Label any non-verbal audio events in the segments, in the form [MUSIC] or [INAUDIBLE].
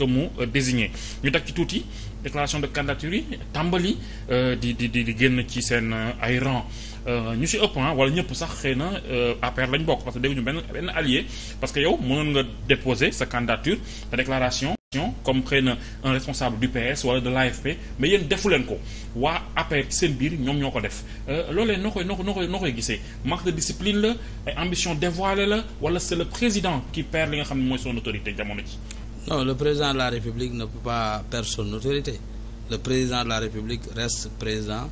que mu euh, désigné ñu teg ci tuuti déclaration de candidature yi tàmbali euh, di di di di génn ci seen euh, ay ran ñu si ëpp wala ñëpp sax xëy na APR lañ bokk parce que dégg ñu benn benn allié parce que yow mënoon nga déposer sa candidature sa déclaration comme xëy na un responsable du PS wala de l'AFP ma yéen defu leen ko waa APR ci seen biir ñoom ñoo ko def loolee noo koy noo ko noo koy noo koy gisee manque de discipline la ay ambition dévoilée la wala c'est le président qui nga xam ne mooy son autorité jamono ji non le président de la République ne peut pas perdre autorité le président de la République reste président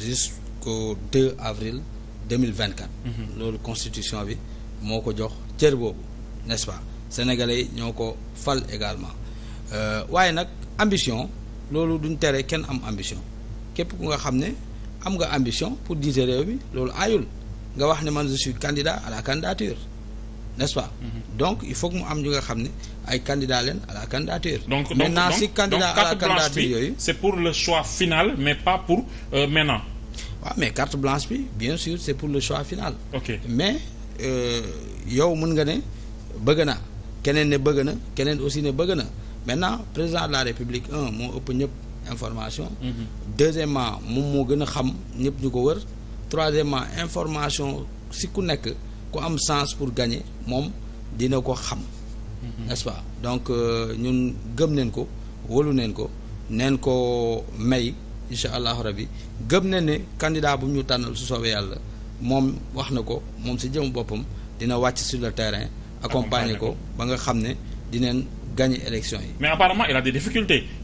jusqu'au 2 avril 2024 mhm. loolu constitution bi moo ko jox cër boobu n'est-ce pas yi ñoo ko fal également euh, waaye nag ambition loolu duñ tere kenn am ambition képp ku nga xam ne am nga ambition pour jiite réew mi loolu aayul nga wax ne man je suis candidat à la candidature n'est-ce pas. Mhm. donc il faut mu am ñu nga xam ne ay candidats leen à la candidature. donc donc maintenant si candidat à la candidature yooyu. c'est pour le choix final mais pas pour euh, maintenant. waaw mais carte blanche bi bien sûr c'est pour le choix final. ok mais euh, yow mun nga ne bëgg na keneen ne bëgg na keneen aussi ne bëgg na maintenant président de la république un moo ëpp ñëpp information. Mhm. deuxièmement moom moo gën a xam ñëpp ñu ko wër. troisièmement information si ku nekk. ku am sens pour gagner moom dina ko xam mhm. n'est-ce donc euh, ñun gëm neen ko wóolu neen ko neen ko may incha allahu rabbi gëm ne ne candidat bu ñu tànnal su soowee yàlla moom wax na ko moom si jëm boppam dina wàcc sur le terrain accompagner ko ba nga xam ne dineen gagner élection yi mais apparemment il a des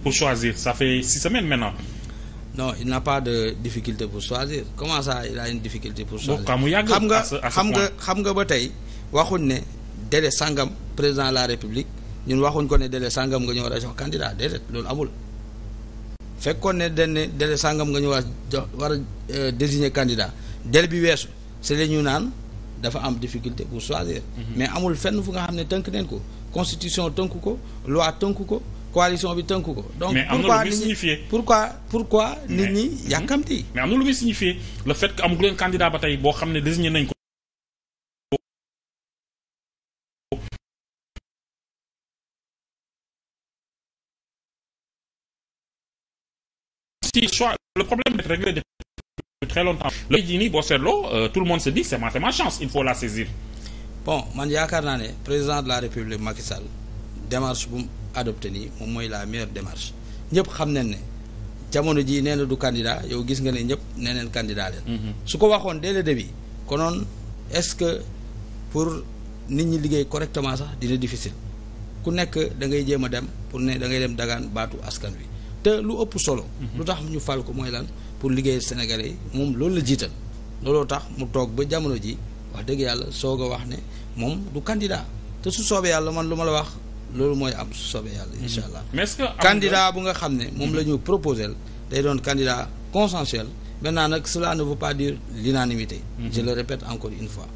pour choisir ça fait six semaines non il n'a pas de difficulté pour choisir comment ça a une difficulté pour choisir xam nga xam nga xam nga ba tey waxuñ ne délai sangam président la république ñun waxuñ ko ne délai sangam nga ñu war a jox candidat loolu amul fekkoon ne dañ ne délai sangam nga ñu war a jox war a euh, désigner bi weesu c'est la ñu naan dafa am difficulté pour choisir mhm. mais amul fenn fu nga xam ne tënk neen ko constitution tënk ko loi tënk ko coalition bi tënku ko. donc mais pourquoi nit ñi pourquoi pourquoi nit ñi yàkkamti. mais am na lu muy signifié le fait que amugu leen candidat ba tey boo xam ne désigné nañ ko. si soit le problème est réglé depuis très longtemps. léegi euh, tout le monde se dit c'est ma chance il faut la saisir. bon man yaakaar naa ne président de la république Macky démarche adopté nii moom mooy la meilleure démarche ñëpp xam nañ ne jamono jii nee na du candidat yow gis nga ne ñëpp nee neen candidat leen mhm. su ko waxoon dès le début konoon est-ce que pour nit ñi liggéey correctement sax dina difficile ku nekk da ngay jéem a dem pour ne da ngay dem dagaan baatu askan wi te lu ëpp solo mhm. lu tax ñu fal ko mooy lan pour liggéey Sénégalais yi moom loolu la jiital looloo tax mu toog ba jamono ji wax dëgg yàlla soog a wax ne moom du candidat te su loolu mooy am su soobee yàlla incha mm-hmm. allah. mais que candidat bu nga xam ne moom la ñu proposé day doon candidat consensuel maintenant nag cela ne veut pas dire l'unanimité mm-hmm. je le répète encore une fois.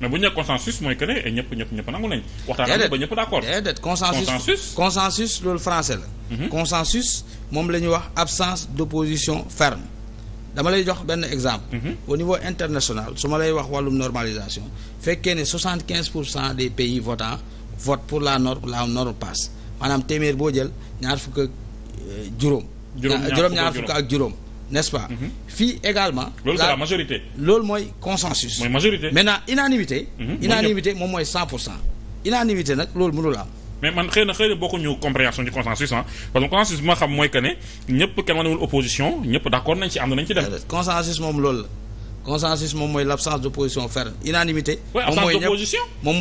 mais bu ñu nee consensus mooy que eh, ñëpp ñëpp ñëpp nangu nañ. waxtaan ba ñëpp d'accord déedéet consensus consensus loolu français la. Mm-hmm. moom la ñuy wax absence d'opposition ferme. dama lay jox benn exemple. au niveau international su ma lay wax wàllum normalisation fekkee ne soixante quinze pour cent des pays votants. vote pour la norme la norme passe maanaam téeméer boo jël ñaar fukk ak euh, juróom. juróom-ñaar fukk ak juróom n'est-ce pas. Mhm. fii également. loolu mooy consensus. mooy majorité maintenant unanimité. Mhm. unanimité moom mooy 100 pour cent. unanimité nag loolu mënul am. man xëy na na bokkuñu compréhension du consensus ah parce que consensus mooy que ne ñëpp kenn wanewul opposition ñëpp d'accord nañ ci ànd nañ moom lool la consensus moom mooy l'absence d'opposition ferme unanimité. moom mooy absence d'opposition moom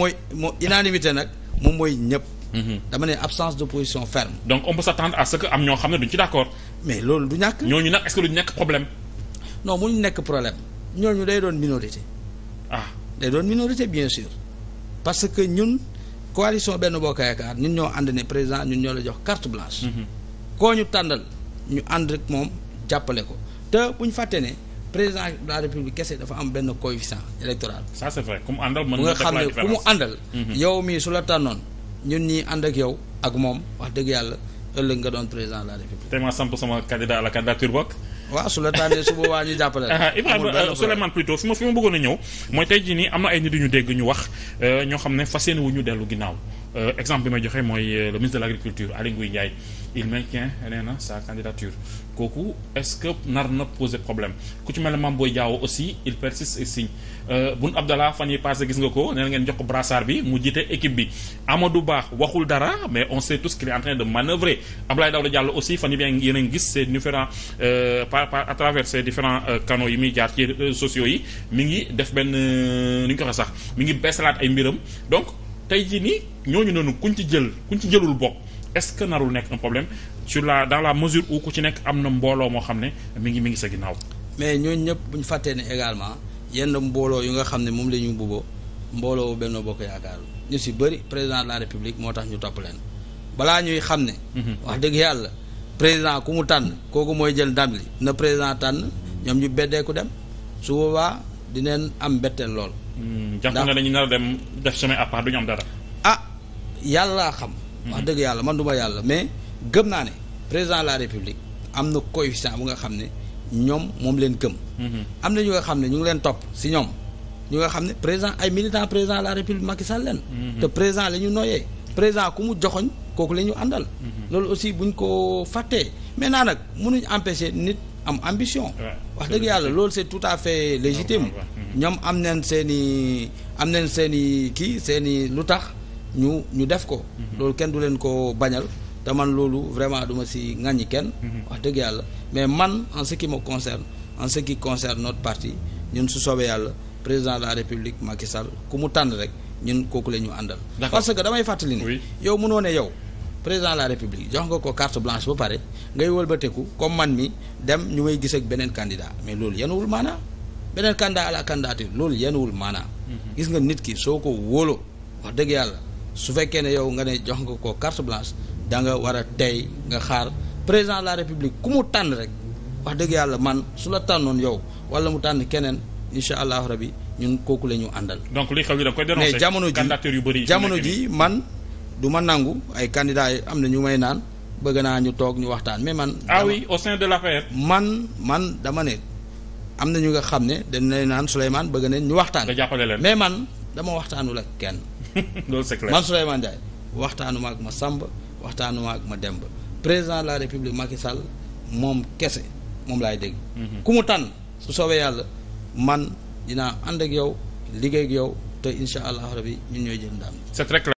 unanimité nag. moom mooy ñëpp. Mhm. dama ne absence d' position ferme. donc on peut s'attendre à ce que am ñoo xam ne duñ ci d' mais loolu du ñàkk. ñooñu nag est ce que duñ nekk problème. non mu nekk problème ñu day doon minorité. ah day doon minorité bien sûr parce que ñun coalition Benno Bokk Yaakaar ñun ñoo ànd ne président ñun ñoo la jox carte blanche. Mhm. koo ñu tàndal ñu ànd k moom jàppale ko te bu ñu fàtte ne. président de la république kese dafa am benn coefficient électoral. ça c'est vrai ku mu àndal nga xam ne ku mu àndal. Mhm. yow mii su la tànnoon ñun ñii ànd ak yow ak moom wax dëgg yàlla ëllëg nga doon président la république. tey ma samp sama candidat à la candidature bokk. waaw su la tànnee su boobaa ñu jàppale la. [LAUGHS] Ah, Ibrahima euh, Souleymane plutôt fi ma fi ma bëggoon a ñëw mooy tey jii nii am na ay nit ñu dégg ñu wax euh, ñoo xam ne fas yéene wu ñu dellu ginnaaw. Euh, exemple bi may joxe mooy euh, le ministre de l' agriculture Aly Ngouille Ndiaye il maintient nee na sa candidature kooku est-ce que nar na poser problème ku ci mel ne Mame Boye Diao aussi il persiste et signe euh, Boun Abdallah fan yi passé gis nga ko nee ngeen jox ko brassard bi mu jiite équipe bi Amadou Ba waxul dara mais on sait tous qu'il est en train de manœuvrer Abdoulaye Daouda Diallo aussi fan yi bien yéen a ngi gis ces différents par par à travers ces différents canaux yi muy jaar ci réseaux sociaux mi ngi def benn nu ñu ko waxee sax mi ngi beesalaat ay mbiram donc tey jii nii ñooñu noonu kuñ ci jël kuñ ci jëlul bokk est-ce que narul nekk un problème sur la dans la mesure où ku ci nekk am na mbooloo moo xam ne mi ngi mi ngi sa ginnaaw. mais ñooñu ñëpp bu ñu fàttee ne également yenn mbooloo yu nga xam ne moom la ñu bëggoo mbooloo Benno Bokk Yaakaar ñu si bëri président de la république moo tax ñu topp leen balaa ñuy xam ne. Mhm. wax dëgg yàlla président ku mu tànn kooku mooy jël ndam li na président tànn ñoom ñu beddeeku dem su boobaa dinañ am mbetteel lool. Hmm, jàpp na dañu nar a dem def semaine à part du ñu am dara. ah yàlla xam. wax hmm. dëgg yàlla man du ma yàlla mais gëm naa ne président de la république am na coefficient bu nga xam ne ñoom moom leen gëm. Hmm. am na ñu nga xam ne ñu ngi leen topp si ñoom ñu nga xam ne président ay militant président de la république Macky Sall leen. te président la ñu noyyee. président ku mu joxoñ kooku la ñu àndal. loolu aussi buñ ko fàttee mais maintenant nag mënuñ empêcher nit am ambition. wax dëgg yàlla loolu c'est tout à fait légitime. ñoom am nañ seeni i am nañ seen i kii seen i lu tax ñu ñu def ko. Mhm. loolu kenn du leen ko bañal te man loolu vraiment duma si ŋàññi kenn. Mhm. wax dëgg yàlla mais man en ce qui me concerne en ce qui concerne notre parti ñun su soobee yàlla président de la république Macky Sall ku mu tànn rek ñun kooku la ñu àndal. parce que damay fàttali ni. yow mënoo ne yow. président la république jox nga ko carte blanche ba pare ngay wëlbateku comme man mi dem ñu may gis ak beneen candidat mais loolu yanuwul maanaa beneen candidat à la candidature loolu yenuwul maanaam. Mhm. gis nga nit ki soo ko wóoloo wax dëgg yàlla su fekkee ne yow nga ne jox nga ko carte blanche da nga war tey nga xaar président de la république ku mu tànn rek wax dëgg yàlla man su la tànnoon yow wala mu tànn keneen incha allahu rabi ñun kooku la ñu àndal. donc li xew yi da koy dénoncer mais jamono ji yu bëri jamono ji man du ma nangu ay candidats yi am na ñu may naan bëgg naa ñu toog ñu waxtaan mais man. ah oui au sein man man dama ne. am na ñu nga xam ne dañ lay naan Souleymane bëgg nañ ñu waxtaan. nga jàppale leen mais man dama waxtaanul ak kenn. [LAUGHS] loolu c'est clair man Souleymane Ndiaye waxtaanuma ak ma Samba waxtaanuma ak ma Demba président de la république Macky Sall moom kese moom lay dégg. Mhm. ku mu tànn su soobee yàlla man dinaa ànd ak yow liggéey ak yow te incha allah rabi ñun ñooy jël ndam.